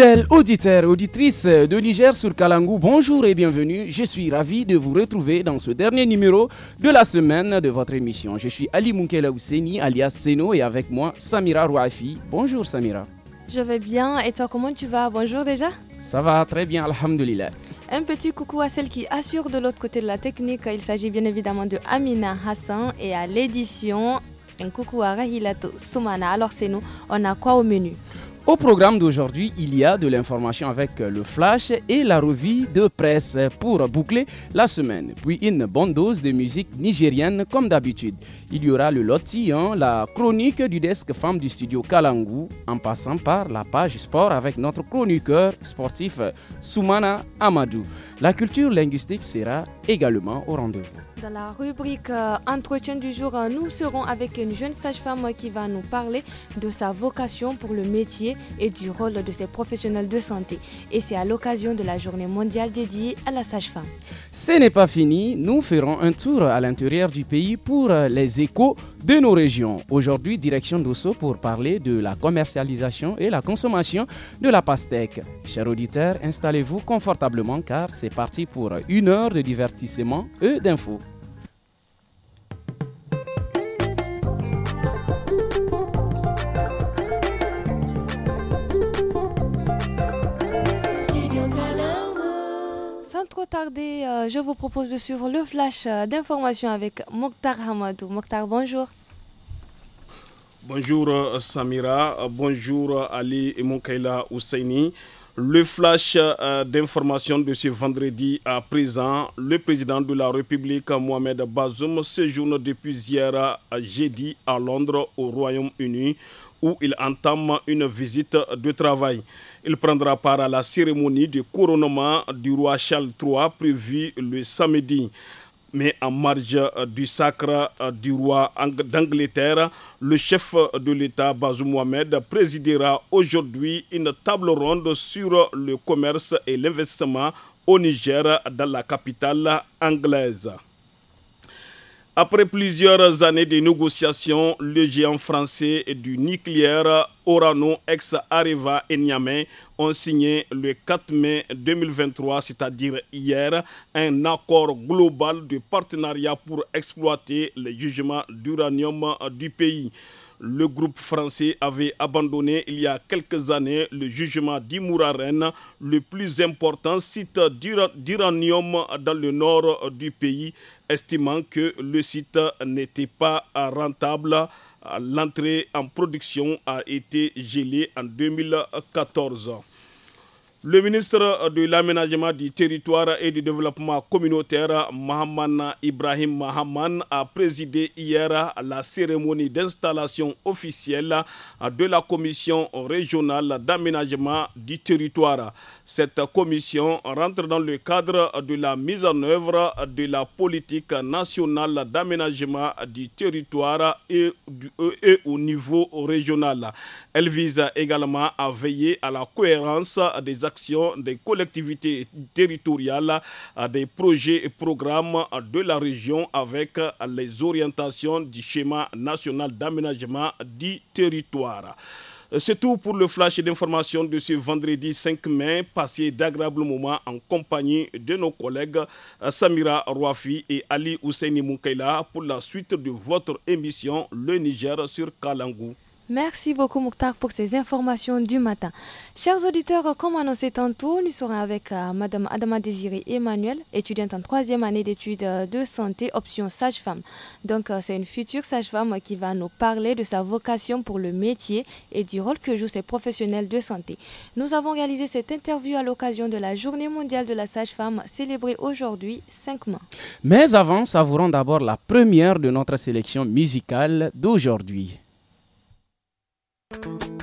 Fidèles auditeurs et auditrices de Niger sur Kalangou, bonjour et bienvenue. Je suis ravie de vous retrouver dans ce dernier numéro de la semaine de votre émission. Je suis Ali Moukela Ouseni, alias Seno, et avec moi Samira Rouafi. Bonjour Samira. Je vais bien, et toi comment tu vas Bonjour déjà Ça va très bien, Alhamdulillah. Un petit coucou à celle qui assure de l'autre côté de la technique. Il s'agit bien évidemment de Amina Hassan et à l'édition. Un coucou à Rahilato Soumana. Alors c'est on a quoi au menu au programme d'aujourd'hui, il y a de l'information avec le flash et la revue de presse pour boucler la semaine, puis une bonne dose de musique nigérienne comme d'habitude. Il y aura le loti, hein, la chronique du desk femme du studio Kalangu, en passant par la page sport avec notre chroniqueur sportif Soumana Amadou. La culture linguistique sera également au rendez-vous. Dans la rubrique euh, Entretien du jour, euh, nous serons avec une jeune sage-femme qui va nous parler de sa vocation pour le métier et du rôle de ces professionnels de santé. Et c'est à l'occasion de la journée mondiale dédiée à la sage-femme. Ce n'est pas fini, nous ferons un tour à l'intérieur du pays pour les échos de nos régions. Aujourd'hui, direction d'Osso pour parler de la commercialisation et la consommation de la pastèque. Chers auditeurs, installez-vous confortablement car c'est parti pour une heure de divertissement et d'infos. Euh, je vous propose de suivre le flash euh, d'information avec Mokhtar Hamadou. Mokhtar, bonjour. Bonjour euh, Samira, bonjour Ali et Moukaila Ousseini. Le flash d'information de ce vendredi à présent, le président de la République Mohamed Bazoum séjourne depuis hier à jeudi à Londres au Royaume-Uni où il entame une visite de travail. Il prendra part à la cérémonie du couronnement du roi Charles III prévue le samedi. Mais en marge du sacre du roi d'Angleterre, le chef de l'État, Bazou Mohamed, présidera aujourd'hui une table ronde sur le commerce et l'investissement au Niger dans la capitale anglaise. Après plusieurs années de négociations, le géant français du nucléaire Orano ex Areva et Niamey ont signé le 4 mai 2023, c'est-à-dire hier, un accord global de partenariat pour exploiter les jugements d'uranium du pays le groupe français avait abandonné il y a quelques années le jugement d'Imouraren, le plus important site d'uranium dans le nord du pays, estimant que le site n'était pas rentable. L'entrée en production a été gelée en 2014. Le ministre de l'Aménagement du Territoire et du Développement communautaire, Mohamed Ibrahim Mohamed, a présidé hier la cérémonie d'installation officielle de la Commission régionale d'aménagement du territoire. Cette commission rentre dans le cadre de la mise en œuvre de la politique nationale d'aménagement du territoire et, au niveau régional. Elle vise également à veiller à la cohérence des des collectivités territoriales, des projets et programmes de la région avec les orientations du schéma national d'aménagement du territoire. C'est tout pour le flash d'information de ce vendredi 5 mai. Passez d'agréables moments en compagnie de nos collègues Samira Rouafi et Ali Ousseini Moukaila pour la suite de votre émission Le Niger sur Kalangou. Merci beaucoup Mouktar pour ces informations du matin. Chers auditeurs, comme annoncé tantôt, nous serons avec euh, Madame Adama Désiré Emmanuel, étudiante en troisième année d'études euh, de santé option sage-femme. Donc euh, c'est une future sage-femme qui va nous parler de sa vocation pour le métier et du rôle que jouent ces professionnels de santé. Nous avons réalisé cette interview à l'occasion de la Journée mondiale de la sage-femme célébrée aujourd'hui 5 mois. Mais avant, savourons d'abord la première de notre sélection musicale d'aujourd'hui. Thank you.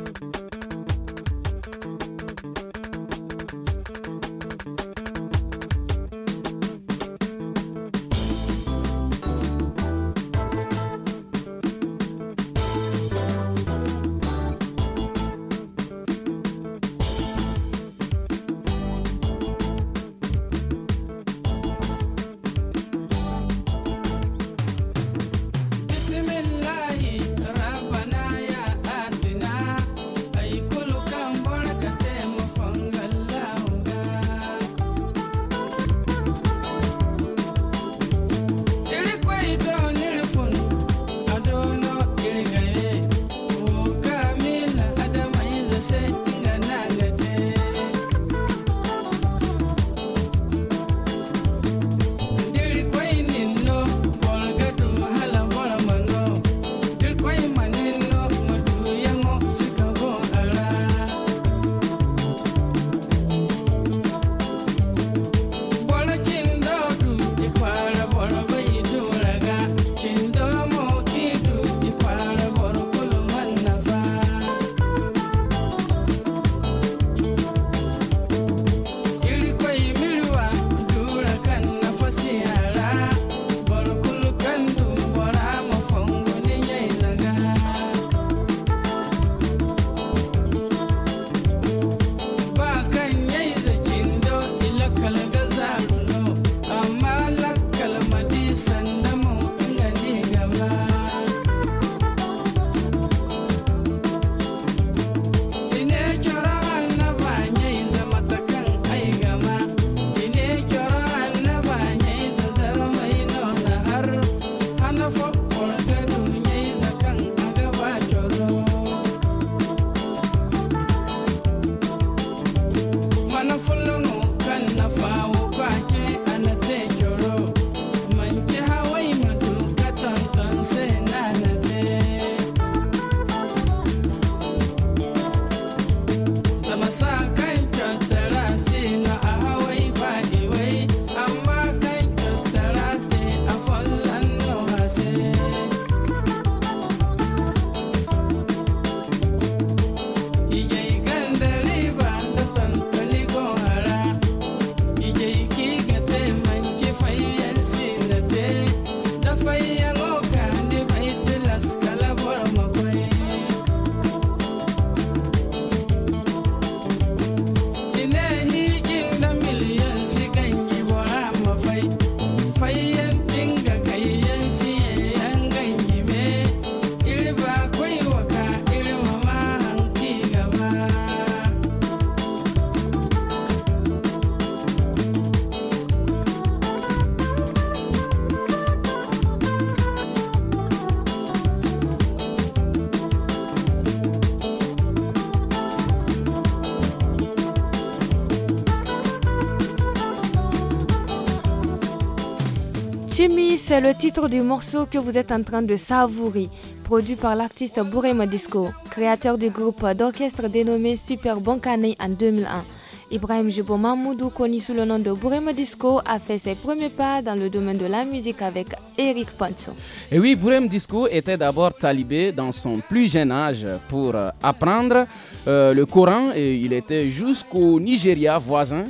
c'est le titre du morceau que vous êtes en train de savourer, produit par l'artiste Bourem Disco, créateur du groupe d'orchestre dénommé Super Bonkane en 2001. Ibrahim Jibo Mahmoudou, connu sous le nom de Bourem Disco, a fait ses premiers pas dans le domaine de la musique avec Eric Poncho. Et oui, Bourem Disco était d'abord talibé dans son plus jeune âge pour euh, apprendre euh, le Coran et il était jusqu'au Nigeria voisin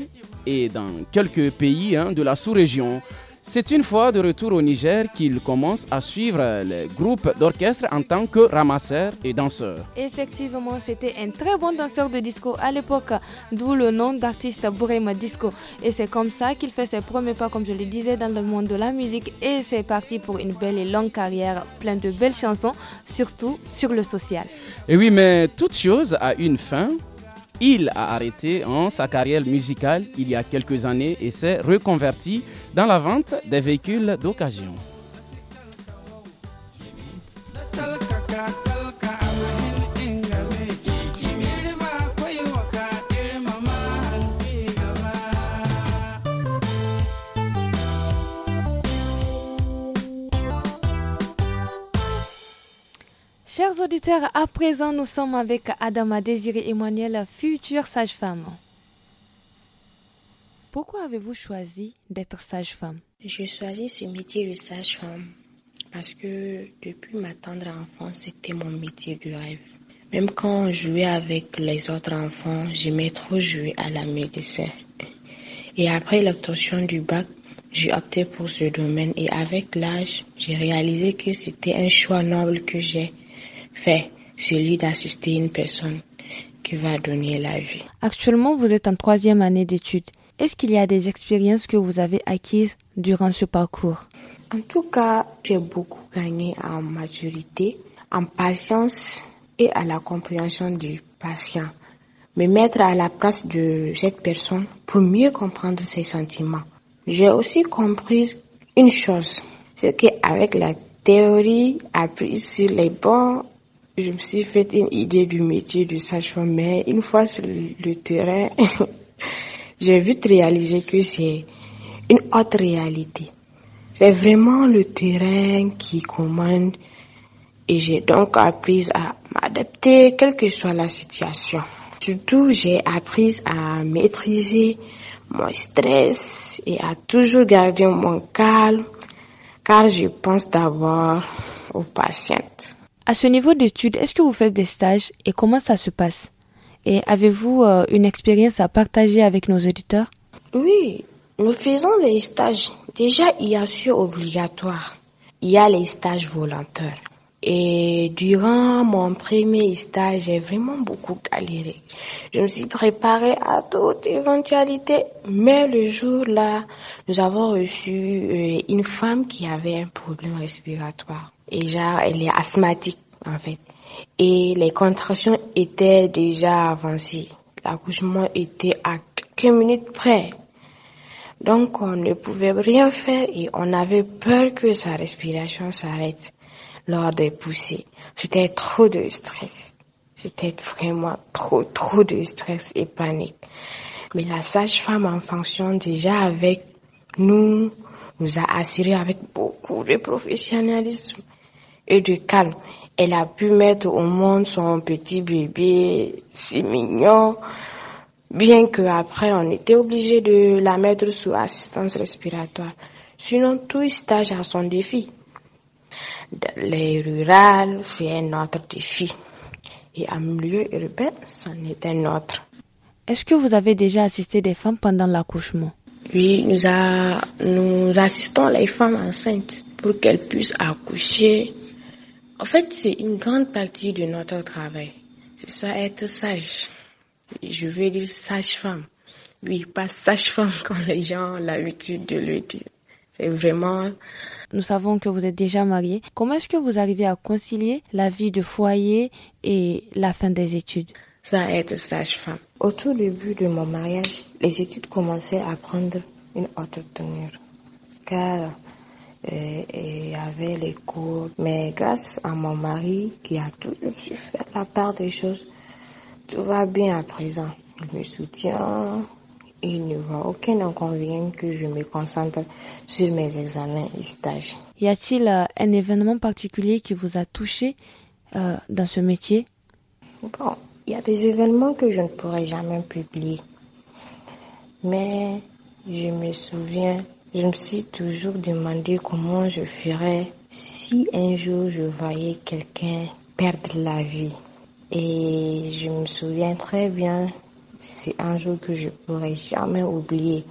et dans quelques pays hein, de la sous-région. C'est une fois de retour au Niger qu'il commence à suivre les groupes d'orchestre en tant que ramasseur et danseur. Effectivement, c'était un très bon danseur de disco à l'époque, d'où le nom d'artiste Bourema Disco. Et c'est comme ça qu'il fait ses premiers pas, comme je le disais, dans le monde de la musique. Et c'est parti pour une belle et longue carrière, pleine de belles chansons, surtout sur le social. Et oui, mais toute chose a une fin. Il a arrêté sa carrière musicale il y a quelques années et s'est reconverti dans la vente des véhicules d'occasion. à présent, nous sommes avec Adama Désiré Emmanuel, future sage-femme. Pourquoi avez-vous choisi d'être sage-femme J'ai choisi ce métier de sage-femme parce que depuis ma tendre enfance, c'était mon métier de rêve. Même quand je jouais avec les autres enfants, j'aimais trop jouer à la médecine. Et après l'obtention du bac, j'ai opté pour ce domaine et avec l'âge, j'ai réalisé que c'était un choix noble que j'ai fait, celui d'assister une personne qui va donner la vie. Actuellement, vous êtes en troisième année d'études. Est-ce qu'il y a des expériences que vous avez acquises durant ce parcours En tout cas, j'ai beaucoup gagné en maturité, en patience et à la compréhension du patient. Me mettre à la place de cette personne pour mieux comprendre ses sentiments. J'ai aussi compris une chose, c'est qu'avec la théorie apprise sur les bons je me suis fait une idée du métier de sage-femme, mais une fois sur le terrain, j'ai vite réalisé que c'est une autre réalité. C'est vraiment le terrain qui commande et j'ai donc appris à m'adapter, quelle que soit la situation. Surtout, j'ai appris à maîtriser mon stress et à toujours garder mon calme, car je pense d'abord aux patientes. À ce niveau d'études, est-ce que vous faites des stages et comment ça se passe Et avez-vous euh, une expérience à partager avec nos auditeurs Oui, nous faisons des stages. Déjà, il y a ceux obligatoires. Il y a les stages volontaires. Et durant mon premier stage, j'ai vraiment beaucoup galéré. Je me suis préparée à toute éventualité, mais le jour-là, nous avons reçu euh, une femme qui avait un problème respiratoire. Et genre, elle est asthmatique, en fait. Et les contractions étaient déjà avancées. L'accouchement était à quelques minutes près. Donc, on ne pouvait rien faire et on avait peur que sa respiration s'arrête lors des poussées. C'était trop de stress. C'était vraiment trop, trop de stress et panique. Mais la sage-femme en fonction déjà avec nous nous a assuré avec beaucoup de professionnalisme de calme. Elle a pu mettre au monde son petit bébé, si mignon. Bien que après, on était obligé de la mettre sous assistance respiratoire. Sinon, tout stage a son défi. Les rurales, c'est un autre défi. Et en milieu urbain, c'en est un autre. Est-ce que vous avez déjà assisté des femmes pendant l'accouchement Oui, nous, a, nous assistons les femmes enceintes pour qu'elles puissent accoucher en fait, c'est une grande partie de notre travail. C'est ça, être sage. Je veux dire sage-femme. Oui, pas sage-femme quand les gens ont l'habitude de le dire. C'est vraiment. Nous savons que vous êtes déjà mariée. Comment est-ce que vous arrivez à concilier la vie de foyer et la fin des études Ça être sage-femme. Au tout début de mon mariage, les études commençaient à prendre une autre tenue. Car et, et avait les cours. Mais grâce à mon mari qui a toujours su faire la part des choses, tout va bien à présent. Il me soutient, il ne voit aucun inconvénient que je me concentre sur mes examens et stages. Y a-t-il euh, un événement particulier qui vous a touché euh, dans ce métier Bon, il y a des événements que je ne pourrai jamais publier. Mais je me souviens je me suis toujours demandé comment je ferais si un jour je voyais quelqu'un perdre la vie. Et je me souviens très bien, c'est un jour que je pourrai jamais oublier.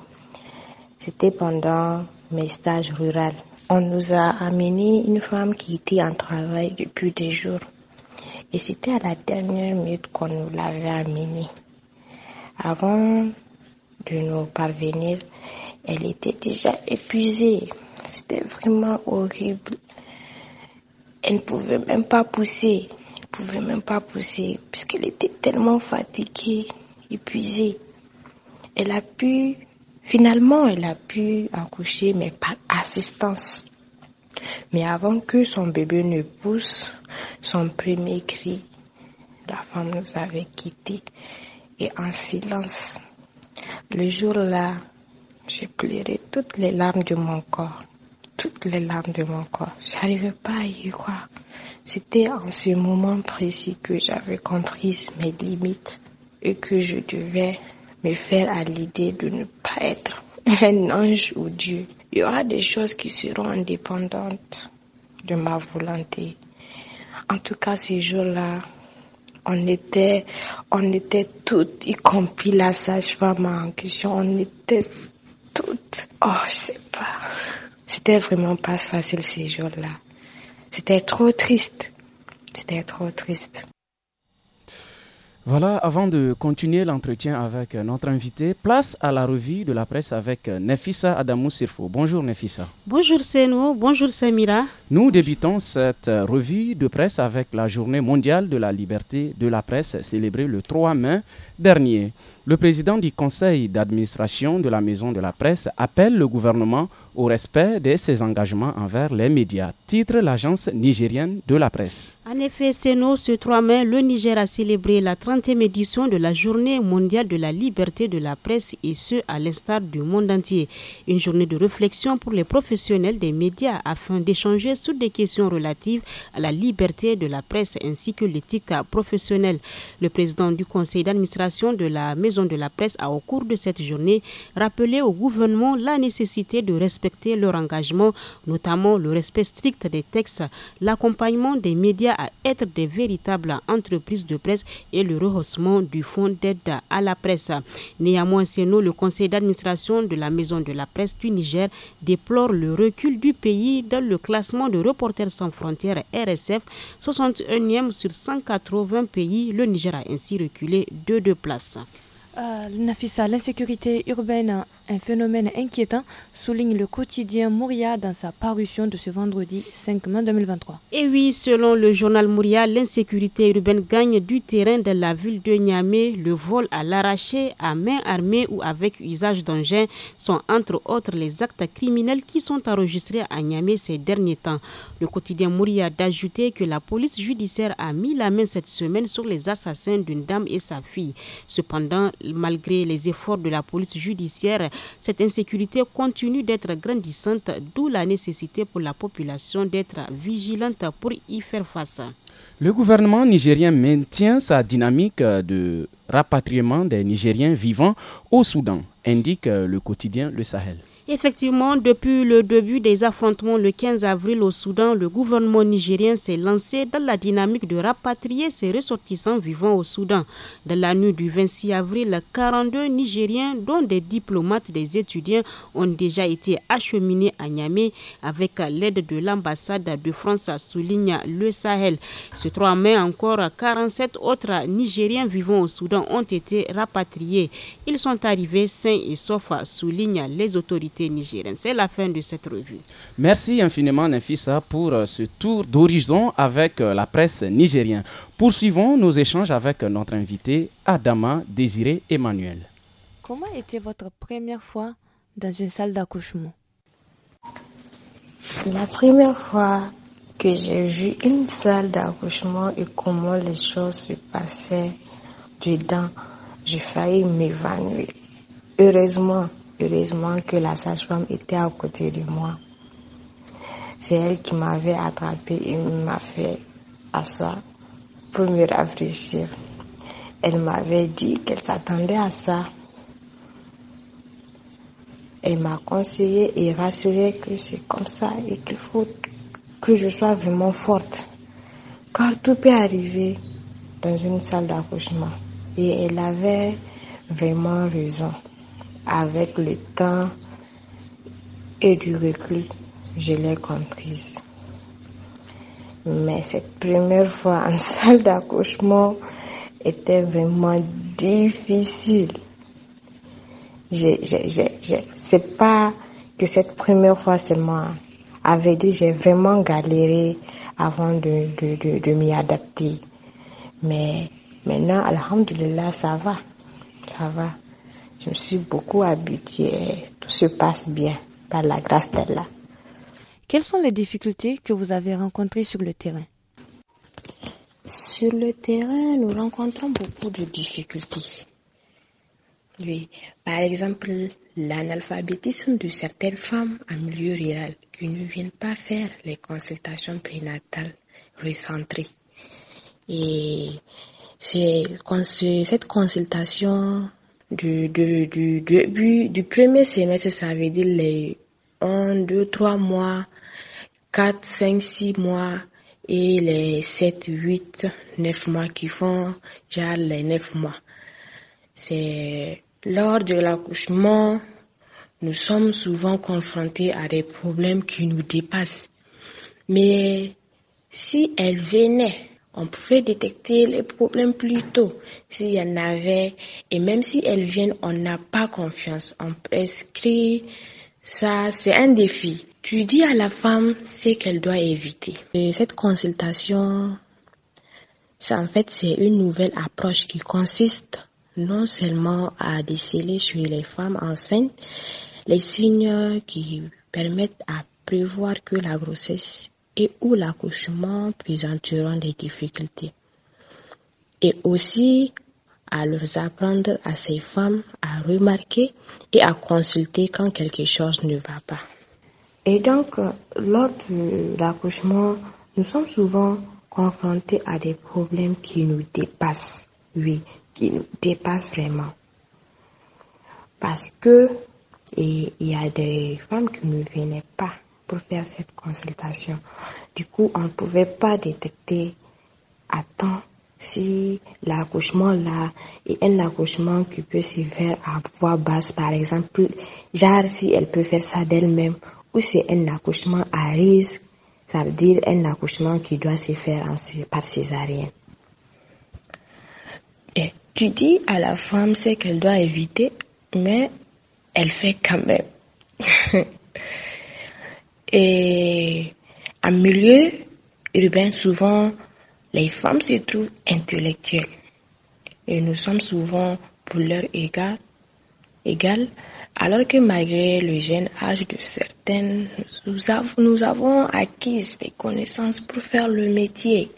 C'était pendant mes stages ruraux. On nous a amené une femme qui était en travail depuis des jours. Et c'était à la dernière minute qu'on nous l'avait amenée. Avant de nous parvenir, elle était déjà épuisée. C'était vraiment horrible. Elle ne pouvait même pas pousser. Elle ne pouvait même pas pousser puisqu'elle était tellement fatiguée, épuisée. Elle a pu, finalement, elle a pu accoucher, mais par assistance. Mais avant que son bébé ne pousse, son premier cri, la femme nous avait quittés et en silence. Le jour-là, j'ai pleuré toutes les larmes de mon corps. Toutes les larmes de mon corps. J'arrivais pas à y croire. C'était en ce moment précis que j'avais compris mes limites et que je devais me faire à l'idée de ne pas être un ange ou Dieu. Il y aura des choses qui seront indépendantes de ma volonté. En tout cas, ces jours-là, on était, on était toutes, y compris la sage-femme en question, on était Oh, je sais pas. C'était vraiment pas facile ces jours-là. C'était trop triste. C'était trop triste. Voilà, avant de continuer l'entretien avec notre invité, place à la revue de la presse avec Nefissa Adamou Sirfo. Bonjour Nefissa. Bonjour Seno, bonjour Samira. Nous débutons cette revue de presse avec la journée mondiale de la liberté de la presse célébrée le 3 mai dernier. Le président du conseil d'administration de la Maison de la Presse appelle le gouvernement au respect de ses engagements envers les médias, titre l'agence nigérienne de la presse. En effet, ce 3 mai, le Niger a célébré la 30e édition de la Journée mondiale de la liberté de la presse et ce, à l'instar du monde entier. Une journée de réflexion pour les professionnels des médias afin d'échanger sur des questions relatives à la liberté de la presse ainsi que l'éthique professionnelle. Le président du conseil d'administration de la Maison maison de la presse a, au cours de cette journée, rappelé au gouvernement la nécessité de respecter leur engagement, notamment le respect strict des textes, l'accompagnement des médias à être des véritables entreprises de presse et le rehaussement du fonds d'aide à la presse. Néanmoins, Seno, le conseil d'administration de la maison de la presse du Niger, déplore le recul du pays dans le classement de Reporters sans frontières RSF, 61e sur 180 pays. Le Niger a ainsi reculé de deux places. Euh, Nafissa, l'insécurité urbaine, un phénomène inquiétant, souligne le quotidien Mouria dans sa parution de ce vendredi 5 mai 2023. Et oui, selon le journal Mouria, l'insécurité urbaine gagne du terrain de la ville de Niamey. Le vol à l'arraché, à main armée ou avec usage d'engins sont entre autres les actes criminels qui sont enregistrés à Niamey ces derniers temps. Le quotidien Mouria d'ajouter que la police judiciaire a mis la main cette semaine sur les assassins d'une dame et sa fille. Cependant, malgré les efforts de la police judiciaire, cette insécurité continue d'être grandissante, d'où la nécessité pour la population d'être vigilante pour y faire face. Le gouvernement nigérien maintient sa dynamique de rapatriement des Nigériens vivants au Soudan, indique le quotidien Le Sahel. Effectivement, depuis le début des affrontements le 15 avril au Soudan, le gouvernement nigérien s'est lancé dans la dynamique de rapatrier ses ressortissants vivant au Soudan. Dans la nuit du 26 avril, 42 Nigériens, dont des diplomates, des étudiants, ont déjà été acheminés à Niamey avec l'aide de l'ambassade de France, souligne le Sahel. Ce 3 mai encore, 47 autres Nigériens vivant au Soudan ont été rapatriés. Ils sont arrivés sains et saufs, souligne les autorités c'est la fin de cette revue. Merci infiniment, Nefissa, pour euh, ce tour d'horizon avec euh, la presse nigérienne. Poursuivons nos échanges avec euh, notre invité Adama Désiré Emmanuel. Comment était votre première fois dans une salle d'accouchement La première fois que j'ai vu une salle d'accouchement et comment les choses se passaient dedans, j'ai failli m'évanouir. Heureusement, Heureusement que la sage-femme était à côté de moi. C'est elle qui m'avait attrapée et m'a fait asseoir pour me rafraîchir. Elle m'avait dit qu'elle s'attendait à ça. Elle m'a conseillé et rassuré que c'est comme ça et qu'il faut que je sois vraiment forte. Car tout peut arriver dans une salle d'accouchement. Et elle avait vraiment raison. Avec le temps et du recul, je l'ai comprise. Mais cette première fois en salle d'accouchement était vraiment difficile. C'est pas que cette première fois seulement. avait dit j'ai vraiment galéré avant de, de, de, de m'y adapter. Mais maintenant, Alhamdulillah, ça va. Ça va. Je me suis beaucoup habituée. Tout se passe bien par la grâce d'Allah. Quelles sont les difficultés que vous avez rencontrées sur le terrain Sur le terrain, nous rencontrons beaucoup de difficultés. Oui, par exemple, l'analphabétisme de certaines femmes en milieu rural qui ne viennent pas faire les consultations prénatales recentrées. Et cette consultation du, début, du premier semestre, ça veut dire les 1, 2, 3 mois, 4, 5, 6 mois et les 7, 8, 9 mois qui font déjà les 9 mois. C'est lors de l'accouchement, nous sommes souvent confrontés à des problèmes qui nous dépassent. Mais si elle venait on pouvait détecter les problèmes plus tôt s'il y en avait. Et même si elles viennent, on n'a pas confiance. On prescrit ça, c'est un défi. Tu dis à la femme ce qu'elle doit éviter. cette consultation, ça, en fait, c'est une nouvelle approche qui consiste non seulement à déceler chez les femmes enceintes les signes qui permettent à prévoir que la grossesse et où l'accouchement présenteront des difficultés. Et aussi à leur apprendre à ces femmes à remarquer et à consulter quand quelque chose ne va pas. Et donc, lors de l'accouchement, nous sommes souvent confrontés à des problèmes qui nous dépassent, oui, qui nous dépassent vraiment. Parce que il y a des femmes qui ne venaient pas pour faire cette consultation. Du coup, on ne pouvait pas détecter à temps si l'accouchement là est un accouchement qui peut se faire à voix basse, par exemple, genre si elle peut faire ça d'elle-même, ou c'est un accouchement à risque, ça veut dire un accouchement qui doit se faire par césarienne. Et tu dis à la femme ce qu'elle doit éviter, mais elle fait quand même. Et en milieu urbain, souvent, les femmes se trouvent intellectuelles. Et nous sommes souvent pour leur égale, égal, alors que malgré le jeune âge de certaines, nous, nous avons acquis des connaissances pour faire le métier.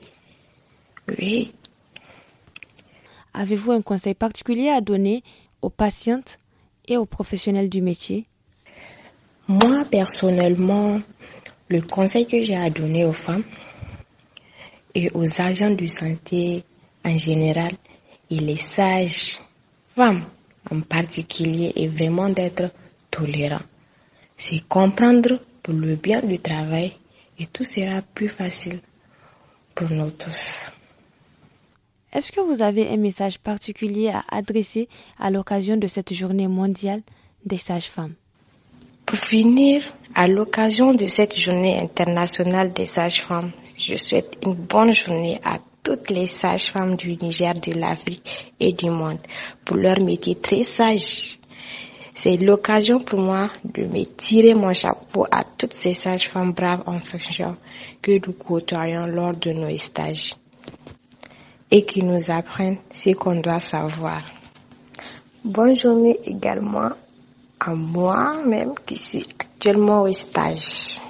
Oui. Avez-vous un conseil particulier à donner aux patientes et aux professionnels du métier moi, personnellement, le conseil que j'ai à donner aux femmes et aux agents de santé en général et les sages femmes en particulier est vraiment d'être tolérant. C'est comprendre pour le bien du travail et tout sera plus facile pour nous tous. Est-ce que vous avez un message particulier à adresser à l'occasion de cette journée mondiale des sages-femmes pour finir, à l'occasion de cette journée internationale des sages-femmes, je souhaite une bonne journée à toutes les sages-femmes du Niger, de l'Afrique et du monde pour leur métier très sage. C'est l'occasion pour moi de me tirer mon chapeau à toutes ces sages-femmes braves en fonction que nous côtoyons lors de nos stages et qui nous apprennent ce qu'on doit savoir. Bonne journée également à moi-même qui suis actuellement au stage.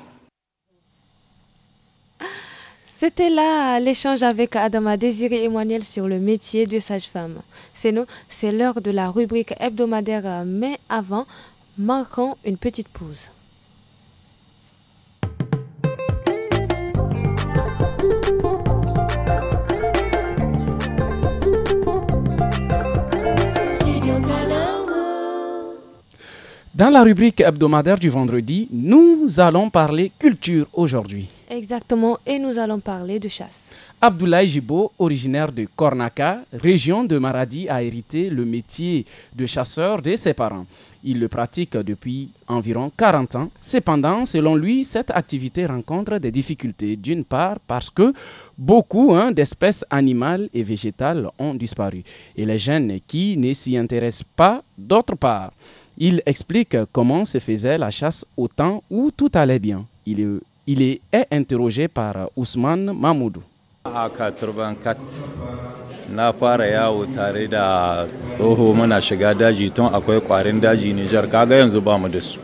C'était là l'échange avec Adama Désiré Emmanuel sur le métier de sage-femme. C'est nous, c'est l'heure de la rubrique hebdomadaire, mais avant, marquons une petite pause. Dans la rubrique hebdomadaire du vendredi, nous allons parler culture aujourd'hui. Exactement, et nous allons parler de chasse. Abdoulaye Jibo, originaire de Cornaca, région de Maradi, a hérité le métier de chasseur de ses parents. Il le pratique depuis environ 40 ans. Cependant, selon lui, cette activité rencontre des difficultés. D'une part, parce que beaucoup hein, d'espèces animales et végétales ont disparu, et les jeunes qui ne s'y intéressent pas, d'autre part. Il explique comment se faisait la chasse au temps où tout allait bien. Il est, il est, est interrogé par Ousmane Mamadou. a 84 na fara yawo tare da tsoho muna shiga daji ton akwai kwarin daji Niger. kaga yanzu ba mu da su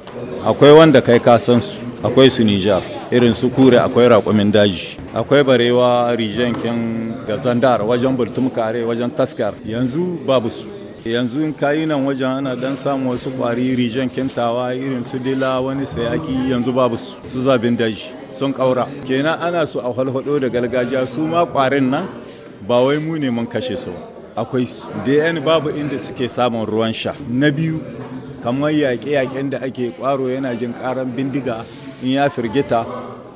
akwai wanda kai ka san su akwai su Niger irin su kure akwai raƙumin daji akwai barewa rijenkin gazandar wajen burtum kare wajen taskar yanzu babu su yanzu in kayi nan wajen ana dan samun wasu kwari rijan kintawa irin su dila wani sayaki yanzu babu su zabin daji sun kaura kenan ana su a halhado da gargajiya su ma kwarin nan ba wai mu ne mun kashe su akwai su dn babu inda suke samun ruwan sha na biyu kamar yaƙe-yaƙen da ake kwaro yana jin karan bindiga in ya firgita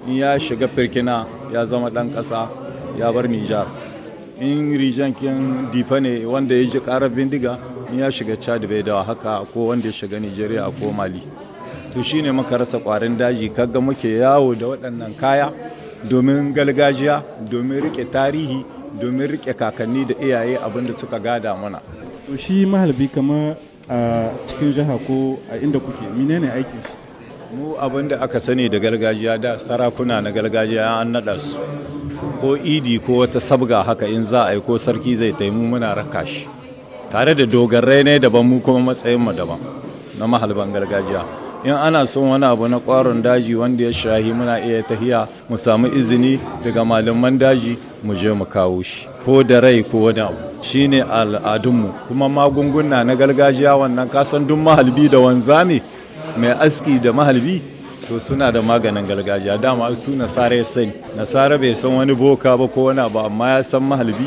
in ya shiga firkina ya zama ɗan ƙasa ya bar nijar in rijankin difa ne wanda ya ji karar bindiga in ya shiga chad bai dawa haka ko wanda ya shiga nigeria ko mali to shine muka rasa kwarin daji kaga muke yawo da waɗannan kaya domin galgajiya domin rike tarihi domin rike kakanni da iyaye abin suka gada mana to shi mahalbi kama a cikin jiha ko a inda kuke menene aikin shi mu abin aka sani da galgajiya da sarakuna na galgajiya an naɗa su ko idi ko wata sabga haka in za a yi ko sarki zai taimu muna raka shi tare da dogarai ne daban mu kuma matsayin mu daban na mahalban gargajiya in ana son wani abu na kwaron daji wanda ya shahi muna iya tahiya mu samu izini daga malaman daji mu je mu kawo shi ko da rai ko wani abu shine al'adunmu kuma magunguna na gargajiya wannan kasan duk mahalbi da wanzami mai aski da mahalbi to suna da maganin gargajiya dama su nasara ya sani nasara bai san wani boka ba ko wani abu amma ya san mahalbi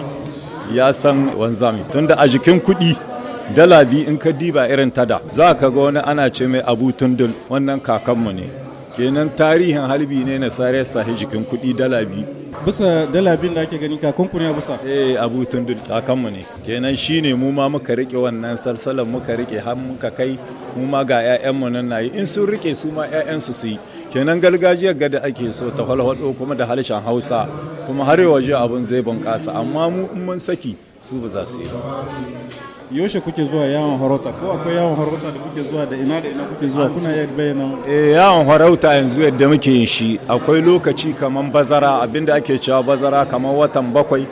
ya san wanzami tunda a jikin kuɗi dala biyu in ka diba irin tada za ka ga wani ana ce mai abu tundul wannan kakanmu ne kenan tarihin halbi ne nasara ya sahi jikin kuɗi dala biyu bisa dala bin da ake gani ka ne a bisa eh abu duk kakanmu ne kenan shine mu ma muka rike wannan salsalan muka rike har muka kai mu ma ga ƴaƴanmu nan nayi in sun rike su ma ƴaƴan su yi kenan gargajiyar ga da ake so ta halhado kuma da harshen Hausa kuma har waje abun zai bunƙasa amma mu in mun saki su ba za su yi yaushe kuke zuwa yawon harauta ko akwai yawon harauta da kuke zuwa da ina da ina kuke zuwa kuna iya bayyana eh yawon harauta yanzu yadda muke yin shi akwai lokaci kaman bazara abinda ake cewa bazara kamar watan bakwai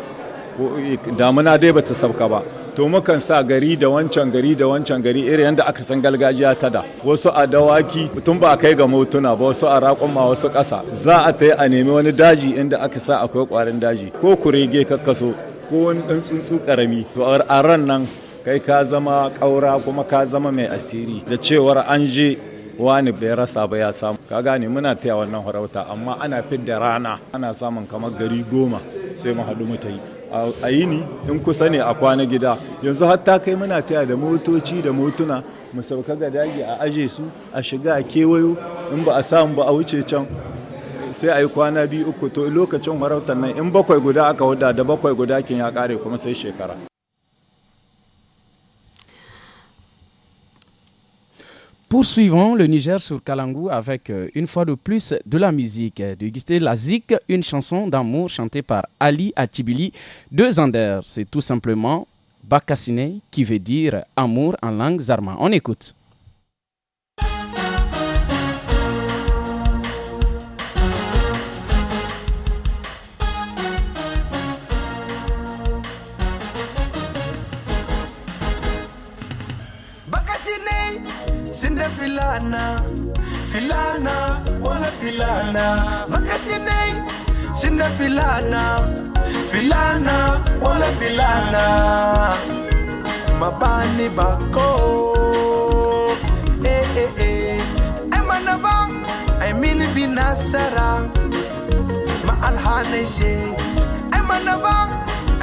eh, damuna dai bata sabka ba to mukan sa gari da wancan gari da wancan gari irin yadda aka san galgajiya ta da wasu a dawaki tun ba kai ga motuna ba wasu a raƙon ma wasu ƙasa za a ta a nemi wani daji inda aka sa akwai ƙwarin daji ko kurege kakkaso ko wani ɗan tsuntsu ƙarami a ran nan kai ka zama ƙaura kuma ka zama mai asiri da cewar an je wani bai rasa ba ya samu ka gane muna taya wannan harauta amma ana fidda rana ana samun kamar gari goma sai mu haɗu mu yi a yini in kusa ne a kwana gida yanzu hatta kai muna taya da motoci da motuna mu sauka ga dagi a aje su a shiga a kewayo in ba a samu ba a wuce can sai a yi kwana biyu uku to lokacin farautar nan in bakwai guda aka huda da bakwai guda kin ya kare kuma sai shekara Poursuivons le Niger sur Kalangou avec euh, une fois de plus de la musique de la Lazik, une chanson d'amour chantée par Ali Atibili de Zander. C'est tout simplement Bakassine qui veut dire amour en langue zarma. On écoute. sinde filana filana wala filana makasine sinde filana filana wala filana mabani bako eh eh eh emana ba i mean binasara ma alhaneje emana ba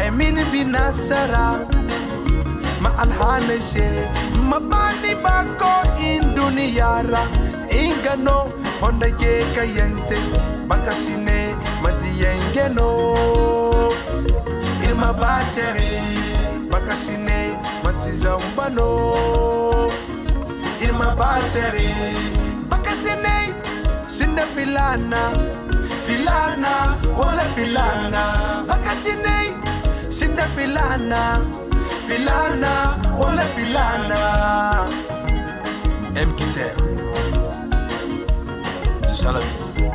i mean binasara maalhanashe mabani bako induniyara ingano fonda yeka yente bakasine matiyengeno ilmabatere bakasine matizambano ilmabatere bakasine sinde filana filana wala filana bakasine sinde filana filana, ole filana. MKTL. To Salabi.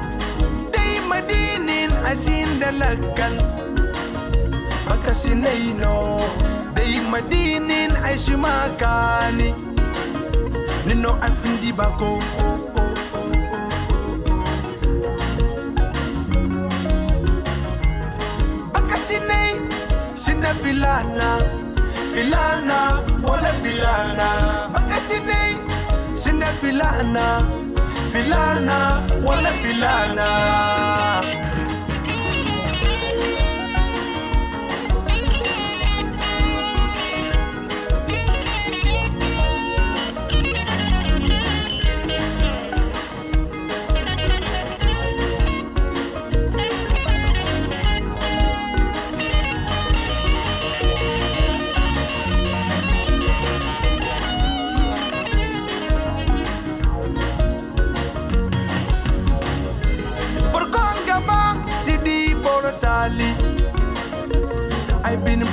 Day madinin asin dalakan. Makasinay no. Day madinin ay sumakani. Nino alfindi bako. Makasinay, sinapilana. Makasinay, filana, wala filana. Makasine, sine filana, filana, wala filana.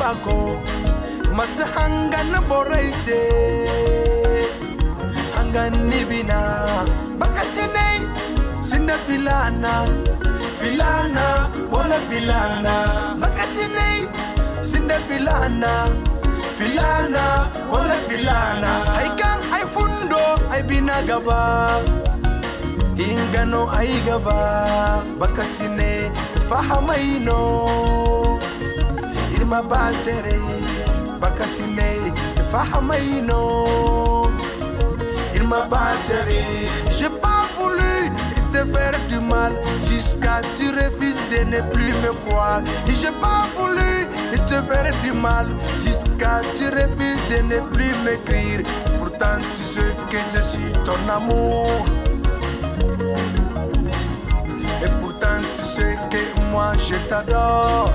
sako masu hangan borai se hangan nibina baka sinai sinda filana filana wala filana baka sinai sinda filana filana wala filana haikan ai fundo ai bina gaba ingano ai gaba baka sine ma batterie, il m'a battu j'ai pas voulu te faire du mal jusqu'à tu refuses de ne plus me voir j'ai pas voulu te faire du mal jusqu'à tu refuses de ne plus m'écrire pourtant tu sais que je suis ton amour et pourtant tu sais que moi je t'adore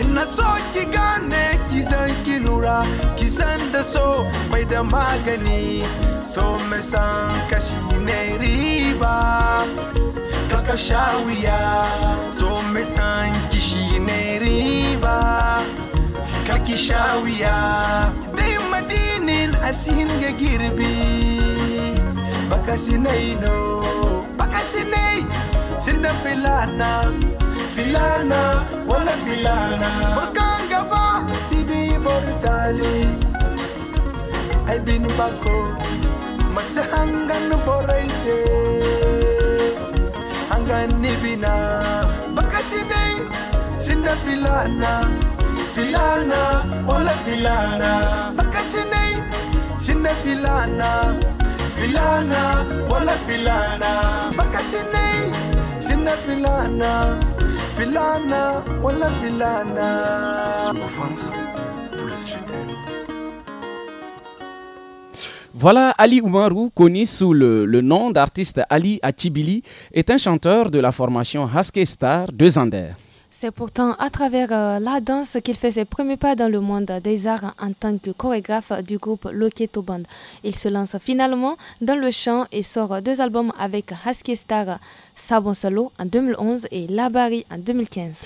ina so ki gane ki san ki lura ki san da so bai da magani so me san kashi ne riba kaka sha wuya so me san kishi ne riba kaki sha wuya dai madinin asin ga girbi baka sinai no baka sinai sinda filana filana wala filana barkan gaba sidi bortali ay binu bako no boraise hangan nibina bakasine sinda filana filana wala filana bakasine sinda filana filana wala filana bakasine sinda filana voilà Ali Oumarou, connu sous le, nom d'artiste Ali Atibili, est un chanteur de la formation Haske Star de Zander. C'est pourtant à travers euh, la danse qu'il fait ses premiers pas dans le monde des arts en tant que chorégraphe du groupe Loketo Band. Il se lance finalement dans le chant et sort deux albums avec Husky Star Sabon Salo en 2011 et Labari en 2015.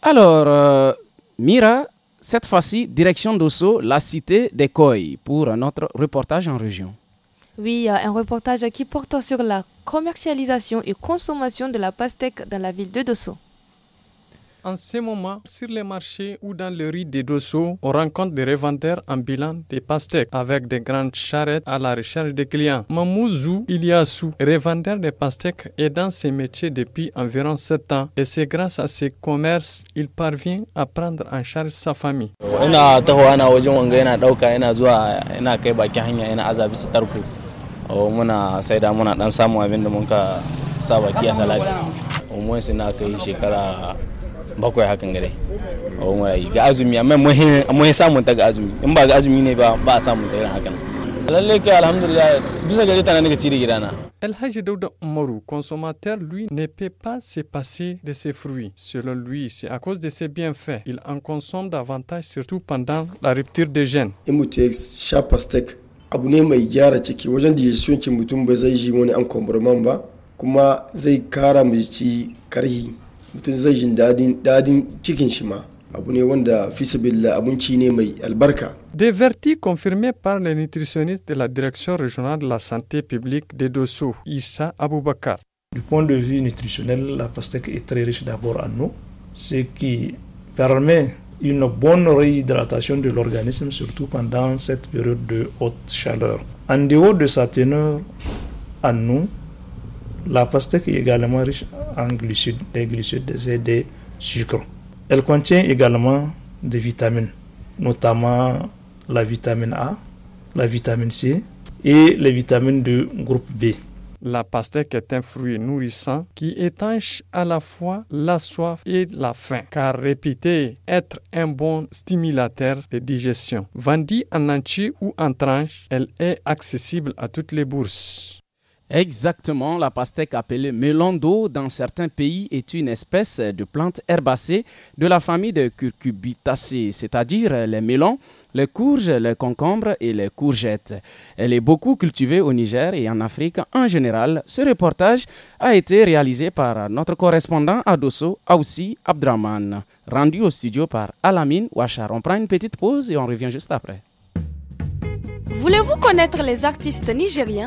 Alors, euh, Mira, cette fois-ci, direction d'Osso, la cité des Koi, pour notre reportage en région. Oui, euh, un reportage qui porte sur la commercialisation et consommation de la pastèque dans la ville de Dosso. En ce moment, sur les marchés ou dans le riz des Dosso, on rencontre des revendeurs bilan des pastèques avec des grandes charrettes à la recherche des clients. Mamouzou Iliassou, revendeur des pastèques, est dans ce métier depuis environ 7 ans et c'est grâce à ses commerces qu'il parvient à prendre en charge sa famille. Oh, muna saida bakwai hakan gare babban marayi ga azumi amma mun samun ta ga azumi in ba ga azumi ne ba ba a samun ta irin hakan lalle kai alhamdulillah bisa gari tana ga cire gidana Alhaji Douda Umaru, consommateur, lui, ne peut pas se passer de ses fruits. Selon lui, c'est à cause de ses bienfaits. Il en consomme davantage, surtout pendant la rupture des gènes. abu ne mai gyara ciki wajen digestion ki mutum ba zai ji wani an ba kuma zai kara mu ci karhi des vertus confirmés par les nutritionnistes de la Direction régionale de la santé publique des Dossous, Issa Aboubakar. Du point de vue nutritionnel, la pastèque est très riche d'abord en eau, ce qui permet une bonne réhydratation de l'organisme, surtout pendant cette période de haute chaleur. En dehors de sa teneur en eau, la pastèque est également riche en glucides, des glucides et des sucres. Elle contient également des vitamines, notamment la vitamine A, la vitamine C et les vitamines du groupe B. La pastèque est un fruit nourrissant qui étanche à la fois la soif et la faim, car répété, être un bon stimulateur de digestion. Vendue en entier ou en tranche, elle est accessible à toutes les bourses. Exactement, la pastèque appelée melon d'eau dans certains pays est une espèce de plante herbacée de la famille des cucurbitacées, c'est-à-dire les melons, les courges, les concombres et les courgettes. Elle est beaucoup cultivée au Niger et en Afrique en général. Ce reportage a été réalisé par notre correspondant à Dosso, Aoussi Abdraman, rendu au studio par Alamine Ouachar. On prend une petite pause et on revient juste après. Voulez-vous connaître les artistes nigériens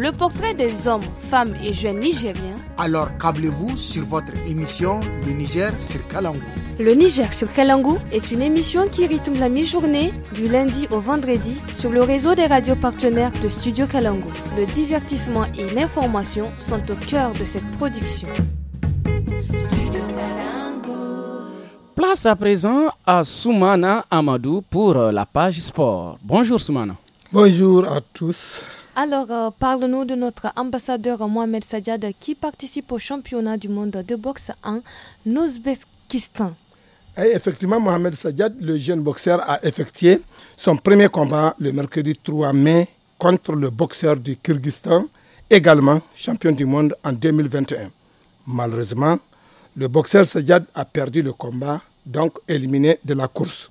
le portrait des hommes, femmes et jeunes nigériens. Alors câblez-vous sur votre émission Le Niger sur kalango Le Niger sur kalango est une émission qui rythme la mi-journée du lundi au vendredi sur le réseau des radios partenaires de Studio kalango Le divertissement et l'information sont au cœur de cette production. Place à présent à Soumana Amadou pour la page sport. Bonjour Soumana. Bonjour à tous. Alors, parlons euh, parle-nous de notre ambassadeur Mohamed Sajad qui participe au championnat du monde de boxe en Ouzbékistan. effectivement, Mohamed Sajad, le jeune boxeur, a effectué son premier combat le mercredi 3 mai contre le boxeur du Kyrgyzstan, également champion du monde en 2021. Malheureusement, le boxeur Sajad a perdu le combat, donc éliminé de la course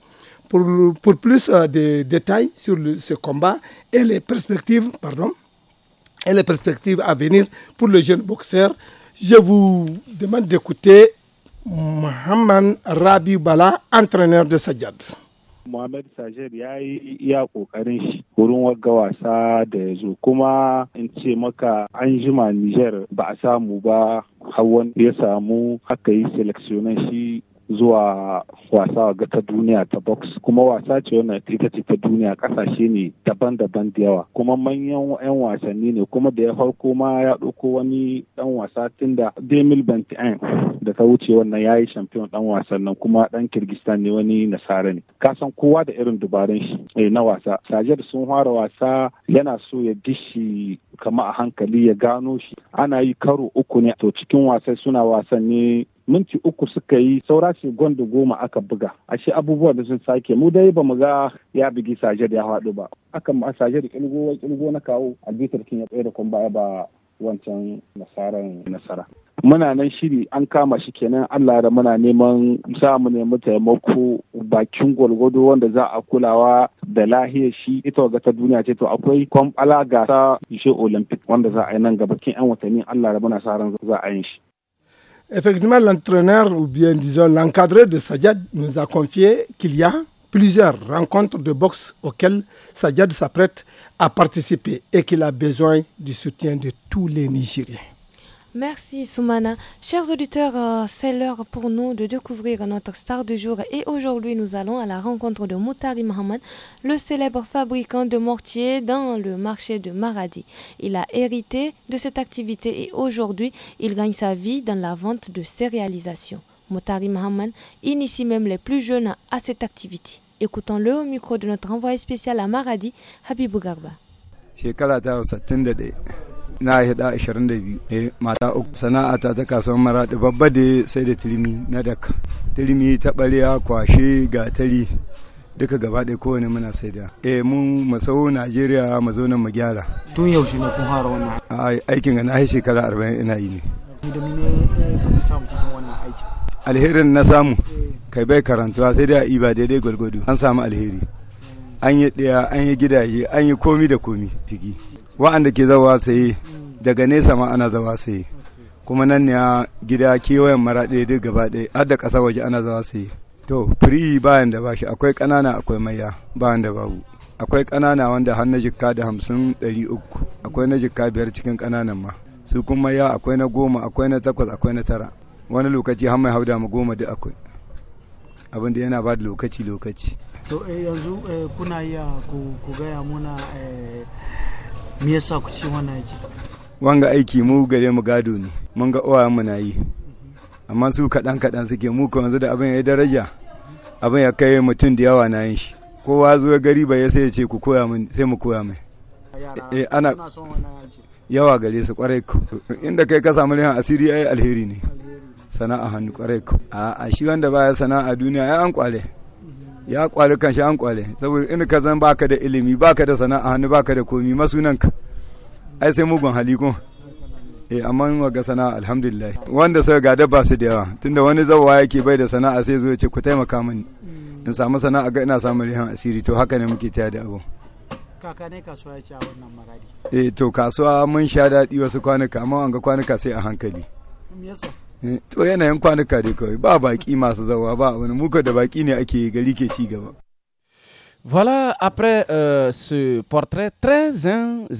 pour, pour plus euh, de détails sur le, ce combat et les perspectives, pardon, et les perspectives à venir pour le jeune boxeur, je vous demande d'écouter Mohamed Rabi Bala, entraîneur de Sajad. Mohamed Sajad ya yi iya kokarin shi wurin wagga wasa da ya zo kuma in ce maka an jima Niger ba a samu ba hawan ya samu aka yi seleksiyonan zuwa wasa ga ta duniya ta box kuma wasa ce wannan ita ce ta duniya kasashe ne daban-daban da yawa kuma manyan 'yan wasanni ne kuma da ya farko ma ya ɗauko wani ɗan wasa tun da demil bantian da ta wuce wannan ya yi champion ɗan wasan nan kuma ɗan kirgistan ne wani nasara ne kasan kowa da irin dubarun shi eh, na wasa sajar sun fara wasa yana so ya dishi kama a hankali ya gano shi ana yi karo uku ne to cikin wasai suna wasanni. minti uku suka yi saura ce da goma aka buga ashe abubuwa da sun sake mu dai ba mu ga ya bigi sajar ya haɗu ba aka ma sajar kilgo ilgo na kawo albitar kin ya tsaye da kun baya ba wancan nasarar nasara muna nan shiri an kama shi kenan Allah da muna neman za mu nemi taimako bakin gwalgwado wanda za a kulawa da lahiyar shi ita ga ta duniya ce to akwai kwamfala gasa ta olympic wanda za a yi nan gabakin yan watanni Allah da muna sa ran za a yin shi Effectivement, l'entraîneur, ou bien disons l'encadré de Sajad, nous a confié qu'il y a plusieurs rencontres de boxe auxquelles Sajad s'apprête à participer et qu'il a besoin du soutien de tous les Nigériens. Merci Soumana. Chers auditeurs, euh, c'est l'heure pour nous de découvrir notre star du jour et aujourd'hui nous allons à la rencontre de Moutari Mohamed, le célèbre fabricant de mortiers dans le marché de Maradi. Il a hérité de cette activité et aujourd'hui il gagne sa vie dans la vente de ses réalisations. Moutari Mohamed initie même les plus jeunes à cette activité. Écoutons-le au micro de notre envoyé spécial à Maradi, Habibou Garba. na da 22 eh mata uku Sana'a ta kasuwar maradi babba da sai da tilmi na daka tilmi ta ɓarya kwashe gatari duka gaba ɗaya kowane muna sai da eh mu masau najeriya zo nan mu gyara tun yaushe ne kun fara wannan aikin ga na shekara 40 ina yi ne da mene eh, samu cikin wannan aiki alherin na samu eh. kai bai karantu sai dai iba daidai gwargwado an samu alheri an yi ɗaya an yi gidaje an yi komi da komi ciki wa'anda ke zawa sai daga nesa ma ana zawa sai kuma nan ne gida kewayen maraɗe duk gaba ɗaya har da ƙasa waje ana zawa sai to firi bayan da bashi akwai ƙanana akwai maiya bayan da babu akwai ƙanana wanda har na jikka da hamsin ɗari uku akwai na jikka biyar cikin ƙananan ma su kuma ya akwai na goma akwai na takwas akwai na tara wani lokaci har mai hauda mu goma duk akwai abin da yana ba da lokaci lokaci to eh, yanzu eh, kuna iya ku gaya muna eh, me yasa ku ce wannan aiki wanga aiki mu gare mu gado ne mun ga uwa mu na yi amma su kaɗan kaɗan suke mu yanzu da abin ya daraja abin ya kai mutum da yawa na yin shi kowa zuwa gari ya sai ya ce ku koya min sai mu koya mai e, ana yawa gare su kwarai ku inda kai ka samu rihan asiri ai alheri ne sana'a hannu kwarai ku a shi wanda baya sana'a duniya ai an kware ya kwali kan shi an kwale saboda in ka zan baka da ilimi baka da sana'a hannu baka da komi masunanka ai sai mugun hali ko eh amma in ga sana'a alhamdulillah wanda sai ga dabba su da yawa tunda wani zawwa yake bai da sana'a sai zo ya ce ku taimaka mini in samu sana'a ga ina samun rihan asiri to haka ne muke taya da abu kakane kasuwa ya ce a wannan maradi eh to kasuwa mun sha daɗi wasu kwanuka amma an ga kwanuka sai a hankali me yasa Voilà, après euh, ce portrait très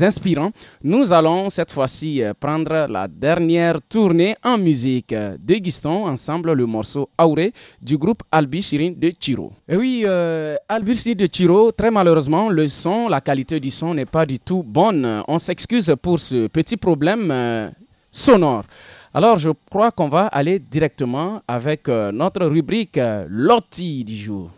inspirant, nous allons cette fois-ci euh, prendre la dernière tournée en musique. Euh, de Guiston ensemble le morceau Auré du groupe chirin de Chiro. Et eh oui, euh, de Chiro, très malheureusement, le son, la qualité du son n'est pas du tout bonne. On s'excuse pour ce petit problème sonore. Alors, je crois qu'on va aller directement avec euh, notre rubrique euh, Loti du jour.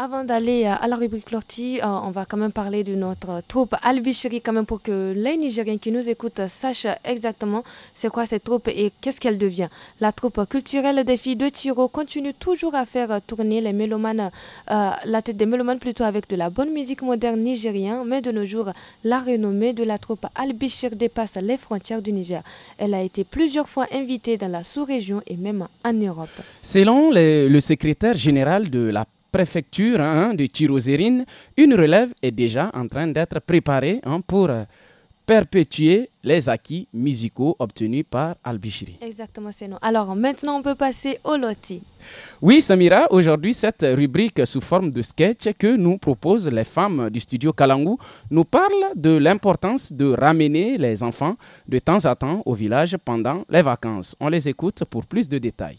Avant d'aller euh, à la rubrique Lortie, euh, on va quand même parler de notre troupe al quand même pour que les Nigériens qui nous écoutent sachent exactement c'est quoi cette troupe et qu'est-ce qu'elle devient. La troupe culturelle des filles de Tiro continue toujours à faire tourner les mélomanes, euh, la tête des mélomanes plutôt avec de la bonne musique moderne nigérienne, mais de nos jours, la renommée de la troupe al dépasse les frontières du Niger. Elle a été plusieurs fois invitée dans la sous-région et même en Europe. Selon le secrétaire général de la préfecture hein, de Tirozérine, une relève est déjà en train d'être préparée hein, pour euh, perpétuer les acquis musicaux obtenus par Albichiri. Exactement, c'est nous. Alors, maintenant, on peut passer au loti. Oui, Samira, aujourd'hui, cette rubrique sous forme de sketch que nous proposent les femmes du studio Kalangou nous parle de l'importance de ramener les enfants de temps à temps au village pendant les vacances. On les écoute pour plus de détails.